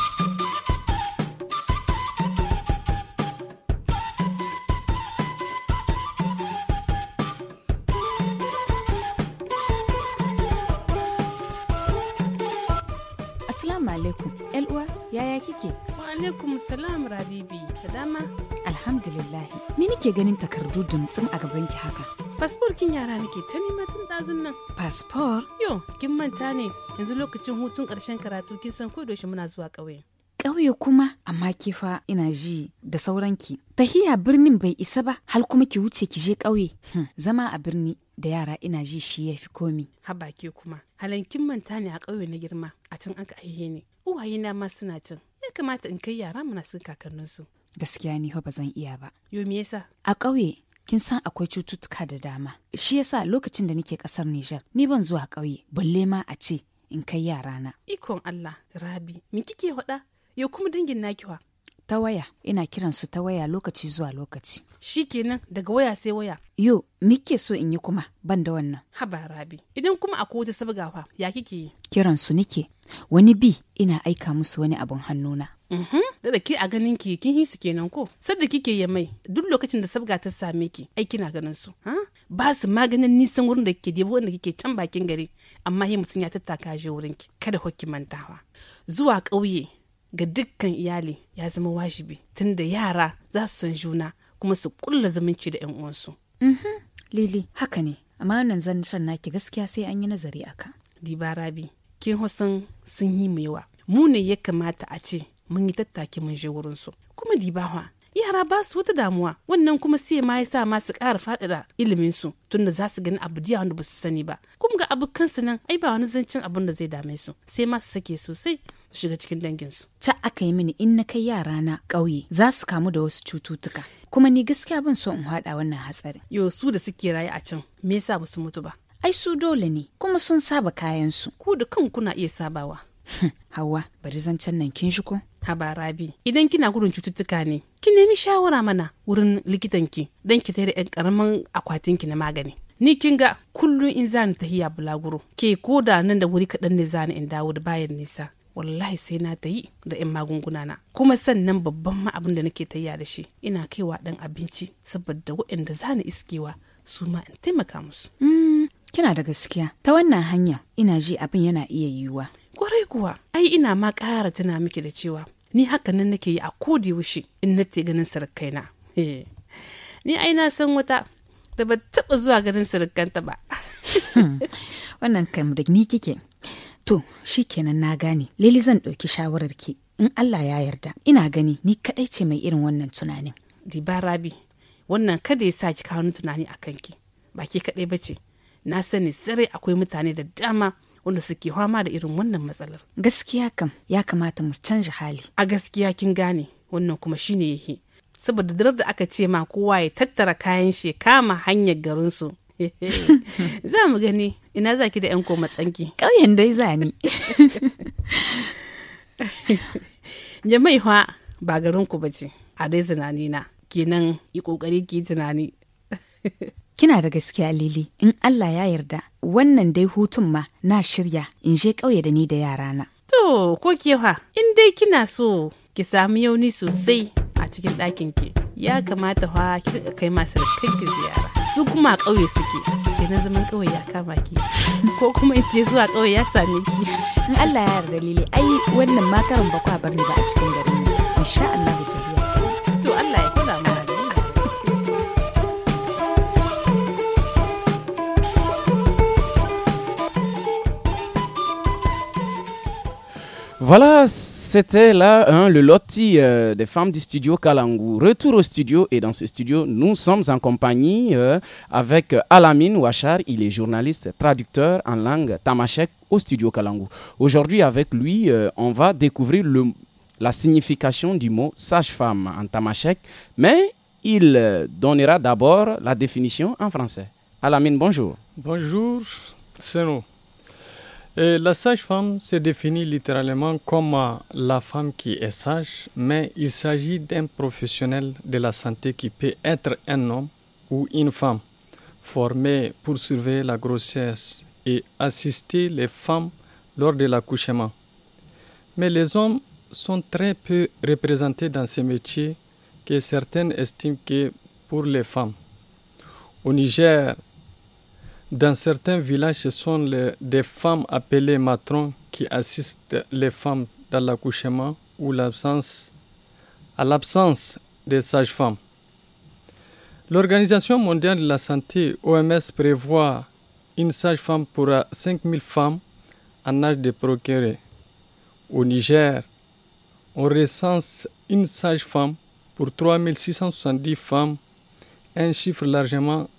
alaikum. ‘Yan uwa, yaya kike? Wa alaikum salam Rabibi, da dama. Alhamdulillahi, me nake ganin takardu dumtsin a ki haka? Fasfor kin yara nake ta nema tun dazun nan. Fasfor? Yo, kin manta ne, yanzu lokacin hutun karshen karatu kin san ko muna zuwa ƙauye. ƙauye kuma amma kifa ina ji da ki tahiya birnin bai isa ba hal kuma ki wuce ki je ƙauye hmm, zama a birni da yara ina ji shi yafi komi. Haba ke kuma, halin kin manta ne a ƙauye na girma, a can aka aihe ne. uwaye na ma suna cin ya kamata in kai yara mana sun kakanninsu gaskiya ni ba zan iya ba yo me yasa a ƙauye kin san akwai cututtuka da dama shi yasa lokacin da nake ƙasar Nijar ni ban zuwa ƙauye balle ma a ce in kai yara na ikon Allah Rabi min kike faɗa ya kuma dangin nakiwa ta waya ina kiran su ta waya lokaci zuwa lokaci shikenan daga waya sai waya yo muke so in yi kuma ban da wannan haba rabi idan kuma a wata sabga ya kike yi kiran su nike wani bi ina aika musu wani abin hannuna mhm. da da ke a ganin ki kin su kenan ko da kike ya mai duk lokacin da sabga ta same ki ai kina ganin su ha ba su maganin nisan wurin da kike debo wanda kike can bakin gari amma he mutum ya tattaka je wurin ki kada hukki mantawa zuwa ƙauye ga dukkan iyali ya zama wajibi tunda yara za su san juna kuma su kulla zumunci da 'yan uwansu. Mhm. Lili, haka ne, amma zan san naki gaskiya sai an yi nazari aka. Diba Rabi, kin hosan sun yi mu yawa. Mu ne ya kamata a ce mun yi tattaki mun je wurinsu. Kuma Dibawa yara ba su wata damuwa wannan kuma sai ma ya sa ma su ƙara faɗaɗa ilimin su tunda za su gani abu diya wanda ba su sani ba kuma ga abokan su nan ai ba wani zancen abun da zai dame su sai ma su sake sosai su shiga cikin dangin su ta aka yi mini in na kai yara na ƙauye za su kamu da wasu cututtuka kuma ni gaskiya ban so in haɗa wannan hatsarin yo su da suke raye a can me yasa ba su mutu ba ai su dole ne kuma sun saba kayan su ku da kan kuna iya sabawa hawa bari zancen nan kin shi ko haba rabi idan kina gudun cututtuka ne ki nemi shawara mana wurin likitanki don ki tare yan karamin akwatinki na magani ni kin ga kullum in zani ta tahiya bulaguro ke ko da nan da wuri kaɗan ne zani in dawo da bayan nisa wallahi sai na ta yi da 'yan magunguna na kuma sannan babban ma abin da nake tayya da shi ina kaiwa dan abinci saboda waɗanda zani iskewa su ma in taimaka musu. Mm, kina da gaskiya ta wannan hanya ina ji abin yana iya yiwuwa. Kwarai kuwa, ai ina ma ƙara tuna miki da cewa ni haka nan nake yi a koda yaushe in na ganin eh. sarkaina. Ni ai na san wata da ba taɓa zuwa ganin surukanta ba. Hmm. Wannan kam da ni kike. To, shi kenan na gane, Lili zan ɗauki shawarar ki in Allah ya yarda. Ina gani ni kaɗai ce mai irin wannan tunanin. Riba Rabi, wannan kada ya sa ki kawo tunani a kanki. Ba ki kaɗai ba ce. Na sani sarai akwai mutane da dama wanda suke fama da irin wannan matsalar gaskiya kam ya kamata mu canja hali a gaskiya kin gane wannan kuma shine yake saboda dare da aka ce ma kowa ya tattara kayan shi kama hanyar garinsu za mu gani ina zaki da yan koma tsanki ƙauyen dai za ni. jama'i fa ba garinku ba ce a dai zinani na kenan yi ƙoƙari ki tunani Kina da gaskiya Lili, in Allah ya yarda, wannan dai hutun ma na shirya in je ƙauye da ni da yarana. To, ko kewa, in dai kina so ki samu yauni sosai a cikin ɗakin ki, ya kamata fa ki kai masu rikanki ziyara. Su kuma a ƙauye suke, na zaman ƙauye ya kama ki, ko kuma in ce zuwa ƙauye ya sami? ki. In Allah ya yarda Lili, ai wannan makarin ba kwa bar ni ba a cikin garin. Insha Allah ya To Allah ya kula mana. Voilà, c'était là hein, le loti euh, des femmes du studio Kalangu. Retour au studio et dans ce studio, nous sommes en compagnie euh, avec Alamine Ouachar. Il est journaliste traducteur en langue tamashek au studio Kalangu. Aujourd'hui, avec lui, euh, on va découvrir la signification du mot sage-femme en tamashek, mais il donnera d'abord la définition en français. Alamine, bonjour. Bonjour, c'est nous. Euh, la sage-femme se définit littéralement comme euh, la femme qui est sage, mais il s'agit d'un professionnel de la santé qui peut être un homme ou une femme, formé pour surveiller la grossesse et assister les femmes lors de l'accouchement. Mais les hommes sont très peu représentés dans ce métier que certaines estiment que pour les femmes. Au Niger, dans certains villages, ce sont des femmes appelées matrons qui assistent les femmes dans l'accouchement ou l'absence à l'absence des sages-femmes. L'Organisation mondiale de la santé, OMS, prévoit une sage-femme pour 5000 femmes en âge de procurer. Au Niger, on recense une sage-femme pour 3670 femmes, un chiffre largement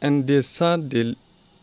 indécent de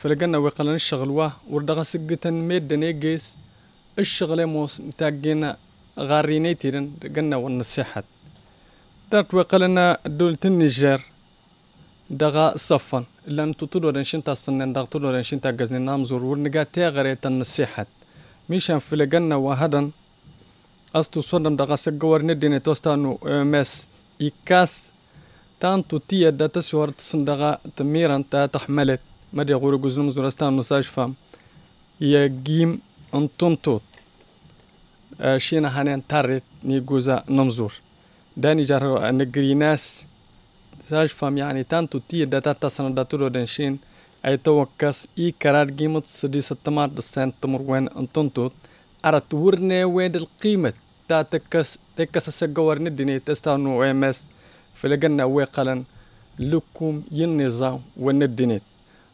فلقنا وقلنا الشغل واه وردغ سقتا ميدن إيجيس الشغل موس تاقينا غاريني تيرن قلنا والنصيحة دارت وقلنا دولة النيجر دغا صفن لان تطلو رنشين تصنن دغ تطلو رنشين تاقزني نامزور ورنقا تاغري النصيحة ميشان فلقنا وهدن أستو sodam دغا sagawar ne توستانو tostanu آه، إيكاس ikas tantu tiya data suwar tsin daga tamiran مريا غورو قزنم زورستان مساجفا يا جيم انتونتوت آه، شينا هانين تاريت ني جوزا نمزور داني جارو آه، نجري ناس ساجفا يعني تانتو تي داتا تسنا داتورو دنشين اي توكاس اي كرار جيمت سدي ستمار دسان تمر وين انتونتوت ارات ورني وين القيمة تا تكس تكس سجور ندني تستانو ام اس فلقنا ويقلن لكم ينزا وندنيت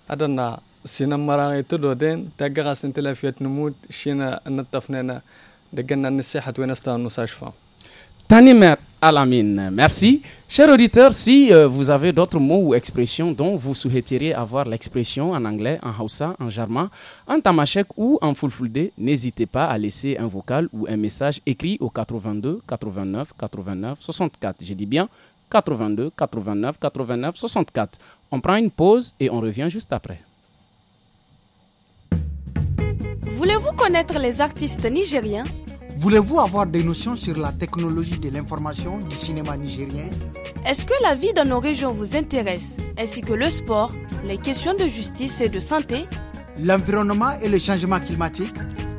adana sina marang itu doden natafnena wenasta Tani Tanimer Alamine, merci. Chers auditeurs, si euh, vous avez d'autres mots ou expressions dont vous souhaiteriez avoir l'expression en anglais, en hausa, en jarma, en tamashek ou en fulfulde, n'hésitez pas à laisser un vocal ou un message écrit au 82 89 89 64. Je dis bien 82 89 89 64. On prend une pause et on revient juste après. Voulez-vous connaître les artistes nigériens Voulez-vous avoir des notions sur la technologie de l'information du cinéma nigérien Est-ce que la vie dans nos régions vous intéresse, ainsi que le sport, les questions de justice et de santé L'environnement et le changement climatique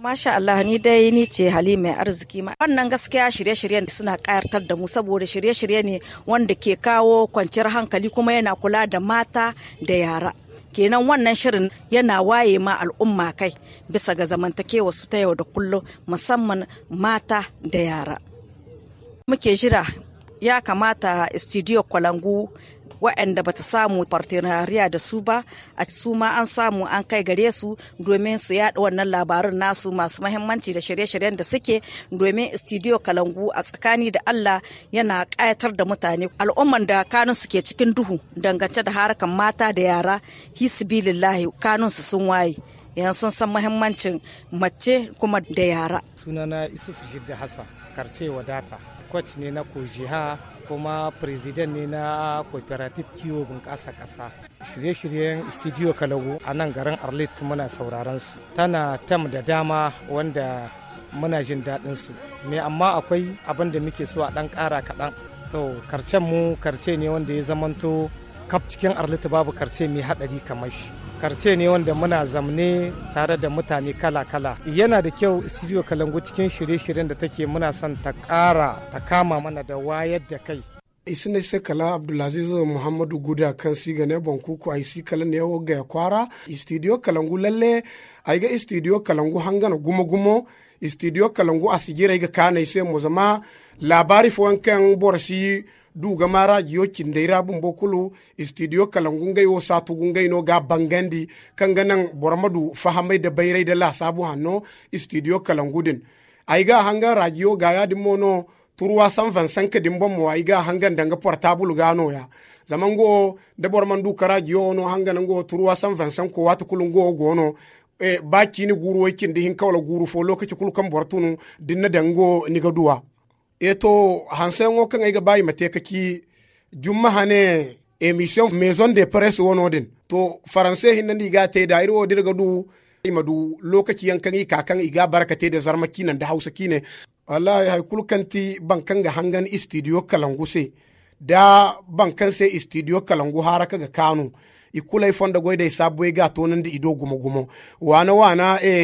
Masha Allah ni dai ni ce Halima arziki ma wannan gaskiya shirye-shiryen suna kayartar da mu saboda shirye-shirye ne wanda ke kawo kwanciyar hankali kuma yana kula da mata da yara. kenan wannan shirin yana waye ma al'umma kai bisa ga zamantakewa su ta yau da kullum musamman mata da yara. Muke jira ya kamata studio kwalangu waɗanda ba ta samu partenariya da su ba a su ma an samu an kai gare su domin su yaɗa wannan labarin nasu masu mahimmanci da shirye-shiryen da suke domin studio kalangu a tsakani da Allah yana ƙayatar da mutane al'umman da kanun su ke cikin duhu dangance da harkan mata da yara hisbilillahi kanun su sun waye yan sun san mahimmancin mace kuma da yara sunana isuf jidda hasa karce wadata kwac ne na kojiha kuma president ne na cooperative kiwo bunƙasa ƙasa shirye-shiryen studio kalagu a nan garin arlit muna sauraron su tana tam da dama wanda muna jin daɗin su me amma akwai abin da muke so a ɗan ƙara kaɗan to karcen mu karce ne wanda ya zamanto kaf cikin arlit babu karce mai haɗari kamar shi karce ne wanda muna zamne tare da mutane kala-kala yana da kyau studio kalangu cikin shirye-shiryen da take muna son ta ƙara ta kama mana da wayar da kai isine se kala abdulaziz muhammadu guda kan siga ne bankuku ai si kala ne ga ya kwara studio kalangu lalle ai ga studio kalangu hangana gumo gumo studio kalangu asigira ga kana ise mu zama labari fo kan borsi duga mara yo cinde ira bumbo kulu studio kalangungay wo satu gungay ino ga bangandi kanga nang boramadu fahamai da bayrai da la sabu hanno studio kalangudin aiga hanga radio ga ya dimono turwa san vansan ka dimbon mu aiga hanga danga portable gano ya zaman go da boramandu ka karajiyo no hangan go turwa san san ko wata kulun go gono e ba kini guru wakin dihin kawla guru fo lokaci kulu kan bortunu dinna dango nigaduwa eto hansen wo kan ga bayi mate kaki jumma hane emission maison de presse wono din to français hin ni ga te da iro dirga du ima du lokaci yankan ka kan iga te da zarma kinan da hausa kine wallahi hay kulkanti bankan ga hangan studio kalangu se da bankan se studio kalangu haraka ga kanu ikulai fonda goida i ga nan da ido gumo gumo wana wana e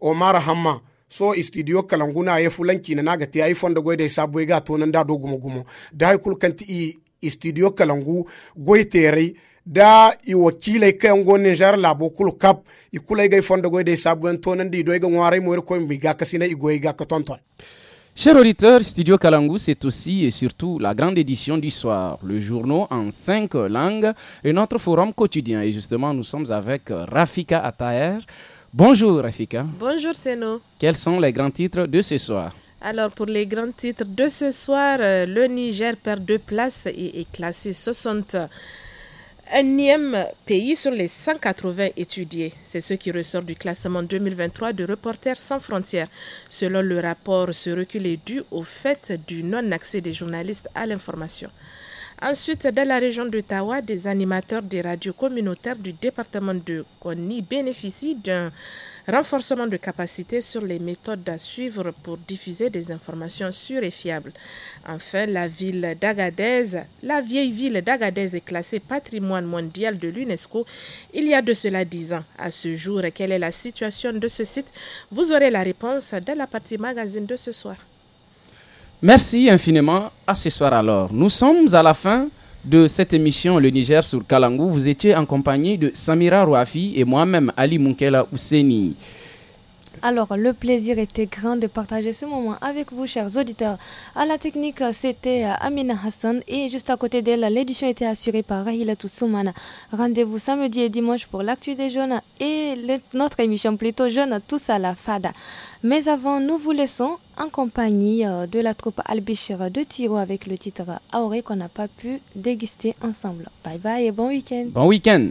omar hamma so studio kalanguna ye fulanki na te ay fonda goyde sabo ga tonan da do gumo da hay kul kanti i studio kalangu goyterey da i wakilay kayan go nijar labo kul kap i kulay gay fonda goyde sabo gan tonan di do ga ngwaray mo ko mi ga kasina i goy ga ka tonton Chers auditeurs, Studio Kalangu, c'est aussi et surtout la grande édition du soir, le journal en cinq langues et notre forum quotidien. Et justement, nous sommes avec Rafika Ataer, Bonjour Rafika. Bonjour Seno. Quels sont les grands titres de ce soir alors pour les grands titres de ce soir, euh, le Niger perd deux places et est classé 61e pays sur les 180 étudiés. C'est ce qui ressort du classement 2023 de Reporters sans frontières. Selon le rapport, ce recul est dû au fait du non-accès des journalistes à l'information. Ensuite, dans la région d'Ottawa, des animateurs des radios communautaires du département de Conny bénéficient d'un renforcement de capacité sur les méthodes à suivre pour diffuser des informations sûres et fiables. Enfin, la ville d'Agadez, la vieille ville d'Agadez est classée patrimoine mondial de l'UNESCO il y a de cela dix ans. À ce jour, quelle est la situation de ce site Vous aurez la réponse dans la partie magazine de ce soir. Merci infiniment. À ce soir alors. Nous sommes à la fin de cette émission Le Niger sur Kalangou. Vous étiez en compagnie de Samira Rouafi et moi-même Ali Munkela Ousseni. Alors, le plaisir était grand de partager ce moment avec vous, chers auditeurs. À la technique, c'était euh, Amina Hassan et juste à côté d'elle, l'édition était assurée par Rahila Toussoumana. Rendez-vous samedi et dimanche pour l'actu des jeunes et notre émission plutôt jeune, tous à la fada. Mais avant, nous vous laissons en compagnie euh, de la troupe Albichir de Tiro avec le titre Aoré qu'on n'a pas pu déguster ensemble. Bye bye et bon week-end. Bon week-end.